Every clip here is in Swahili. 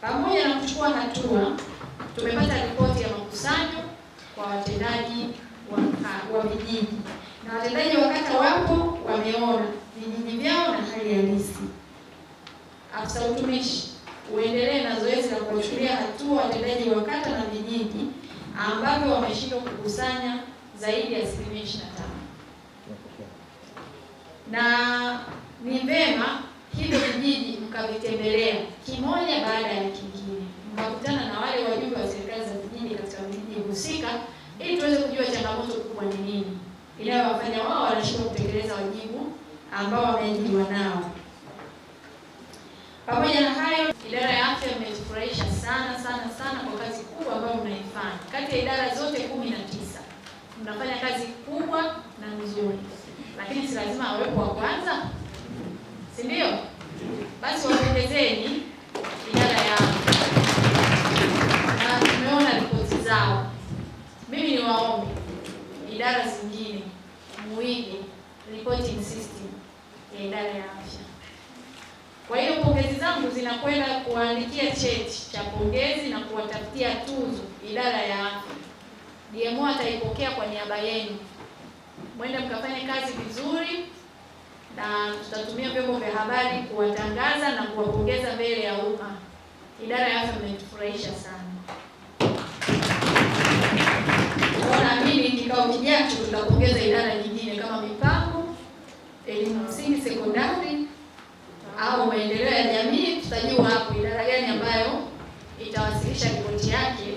Pamoja na kuchukua hatua, tumepata ripoti ya makusanyo kwa watendaji wa vijiji na watendaji wa kata wapo wameona vijiji vyao na hali halisi. Afisa utumishi uendelee na zoezi la kuwachukulia hatua watendaji wa kata na vijiji ambavyo wameshindwa kukusanya zaidi ya asilimia ishirini na tano na ni vema hivyo vijiji mkavitembelea kimoja baada ya kingine. Mkakutana na wale wajumbe wa serikali za vijiji katika vijiji husika ili tuweze kujua changamoto kubwa ni nini inayowafanya wao wanashindwa kutekeleza wajibu ambao wameajiriwa nao. Pamoja na hayo, idara ya afya imetufurahisha sana sana sana kwa kazi kubwa ambayo mnaifanya. Kati ya idara zote kumi na tisa mnafanya kazi kubwa na nzuri, lakini si lazima awepo wa kwanza, si ndio? Basi wapongezeni. system ya idara ya afya. Kwa hiyo pongezi zangu zinakwenda kuandikia cheti cha pongezi na kuwatafutia tuzo idara ya afya. DMO ataipokea kwa niaba yenu, mwende mkafanye kazi vizuri, na tutatumia vyombo vya habari kuwatangaza na kuwapongeza mbele ya umma. Idara ya afya imetufurahisha sana. Naamini kikao kijacho tutapongeza idara elimu sekondari au maendeleo ya jamii, tutajua hapo idara gani ambayo itawasilisha ripoti yake,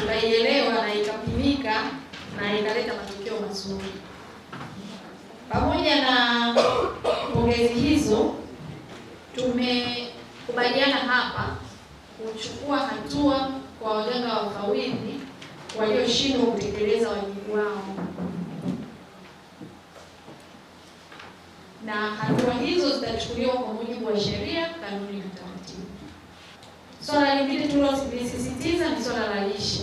tutaielewa na itapimika na ikaleta matokeo mazuri. Pamoja na pongezi hizo, tumekubaliana hapa kuchukua hatua kwa waganga wafawidhi walioshindwa kutekeleza wajibu wao. na hatua hizo zitachukuliwa kwa mujibu wa sheria, kanuni na taratibu. Swala lingine tuliosisitiza ni swala la lishe,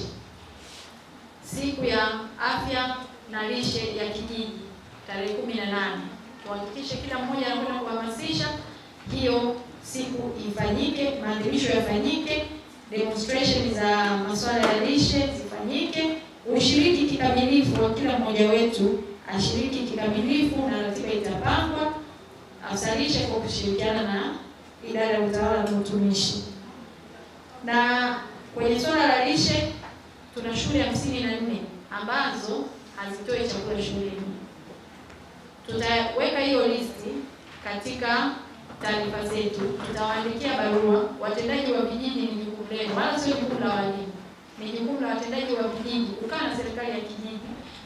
siku ya afya na lishe ya kijiji tarehe kumi na nane tuhakikishe kila mmoja anakwenda kuhamasisha hiyo siku ifanyike, maadhimisho yafanyike, demonstration za masuala ya lishe zifanyike, ushiriki kikamilifu wa kila mmoja wetu ashiriki kikamilifu, na ratiba itapangwa asalishe kwa kushirikiana na idara ya utawala na utumishi. Na kwenye swala la lishe tuna shule hamsini na nne ambazo hazitoi chakula shuleni. Tutaweka hiyo listi katika taarifa zetu, tutawaandikia barua. Watendaji wa vijiji ni jukumu lenu, wala sio jukumu la walimu, ni jukumu la watendaji wa vijiji kukaa na serikali ya kijiji,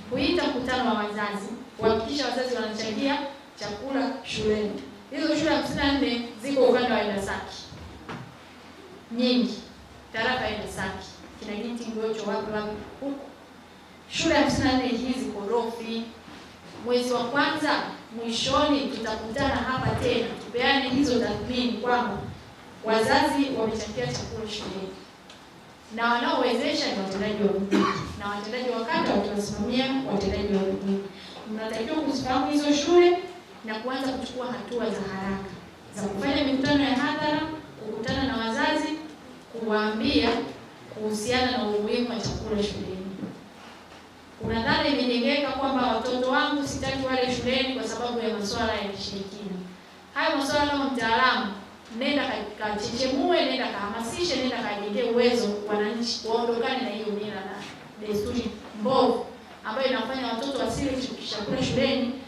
kuita mkutano wa wazazi, kuhakikisha wazazi wanachangia chakula shuleni. Hizo shule hamsini na nne ziko ukanda wa Inasaki, nyingi, tarafa ya Giti, Ngocho, Mgocho, Wagulago huko. Shule hamsini na nne hizi korofi. Mwezi wa kwanza mwishoni, tutakutana hapa tena tupeane hizo tathmini kwamba wazazi wamechangia chakula shuleni na wanaowezesha ni watendaji wa vijiji na watendaji wa kata wakiwasimamia watendaji wa vijiji. Mnatakiwa kuzifahamu hizo shule na kuanza kuchukua hatua za haraka za kufanya mikutano ya hadhara, kukutana na wazazi, kuwaambia kuhusiana na umuhimu wa chakula shuleni. Kuna dhana imejengeka kwamba watoto wangu sitaki wale shuleni kwa sababu ya masuala ya kishirikina. Hayo masuala kama mtaalamu, nenda kachechemue, nenda kahamasishe, nenda kajengee uwezo wananchi waondokane na hiyo mila na desturi mbovu ambayo inafanya watoto wasile chakula shuleni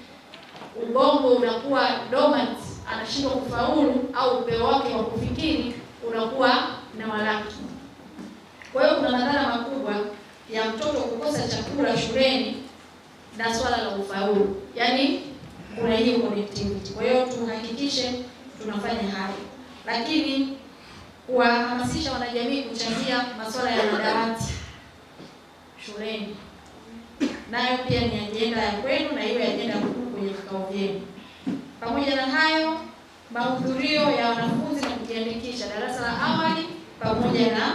ubongo unakuwa dormant, anashindwa kufaulu au upeo wake wa kufikiri unakuwa na walaki. Kwa hiyo kuna madhara makubwa ya mtoto kukosa chakula shuleni na swala la ufaulu, yaani kuna hiyo connectivity. Kwa hiyo tuhakikishe tunafanya hayo, lakini kuwahamasisha wanajamii kuchangia masuala ya madawati shuleni, nayo pia ni ajenda ya kwenu na hiyo ajenda kwenye vikao vyenu. Pamoja na hayo, mahudhurio ya wanafunzi na kujiandikisha darasa la awali pamoja na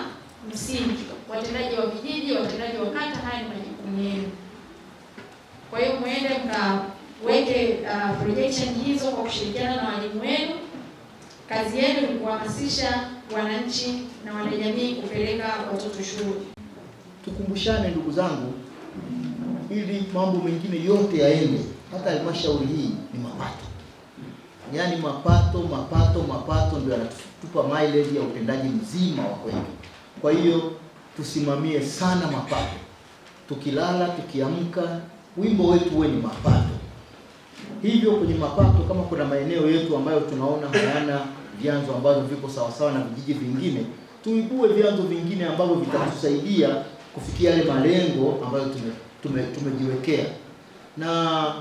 msingi, watendaji wa vijiji, watendaji wa kata, haya ni majukumu yenu. Kwa hiyo muende mkaweke uh, projection hizo kwa kushirikiana na walimu wenu. Kazi yenu ni kuhamasisha wananchi na wanajamii kupeleka watoto shule. Tukumbushane ndugu zangu, ili mambo mengine yote yaende hata halmashauri hii ni mapato, yaani mapato mapato mapato ndio yanatupa mileage ya utendaji mzima wa kwetu. Kwa hiyo tusimamie sana mapato, tukilala tukiamka, wimbo wetu huwe ni mapato. Hivyo kwenye mapato, kama kuna maeneo yetu ambayo tunaona hayana vyanzo ambavyo viko sawasawa na vijiji vingine, tuibue vyanzo vingine ambavyo vitatusaidia kufikia yale malengo ambayo tumejiwekea tume, tume na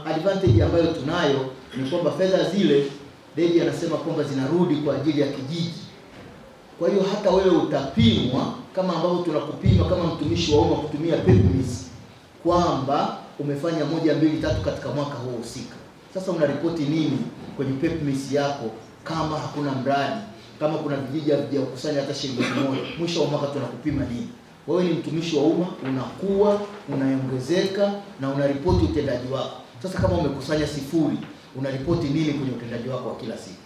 advantage ambayo tunayo ni kwamba fedha zile Deji anasema kwamba zinarudi kwa ajili ya kijiji. Kwa hiyo hata wewe utapimwa kama ambavyo tunakupima kama mtumishi wa umma kutumia PEPMIS kwamba umefanya moja mbili tatu katika mwaka huo husika. Sasa unaripoti nini kwenye PEPMIS yako kama hakuna mradi, kama kuna vijiji havijakusanya hata shilingi moja? Mwisho wa mwaka tunakupima nini? wewe ni mtumishi wa umma, unakuwa unaongezeka na unaripoti utendaji wako. Sasa kama umekusanya sifuri, unaripoti nini kwenye utendaji wako wa kila siku?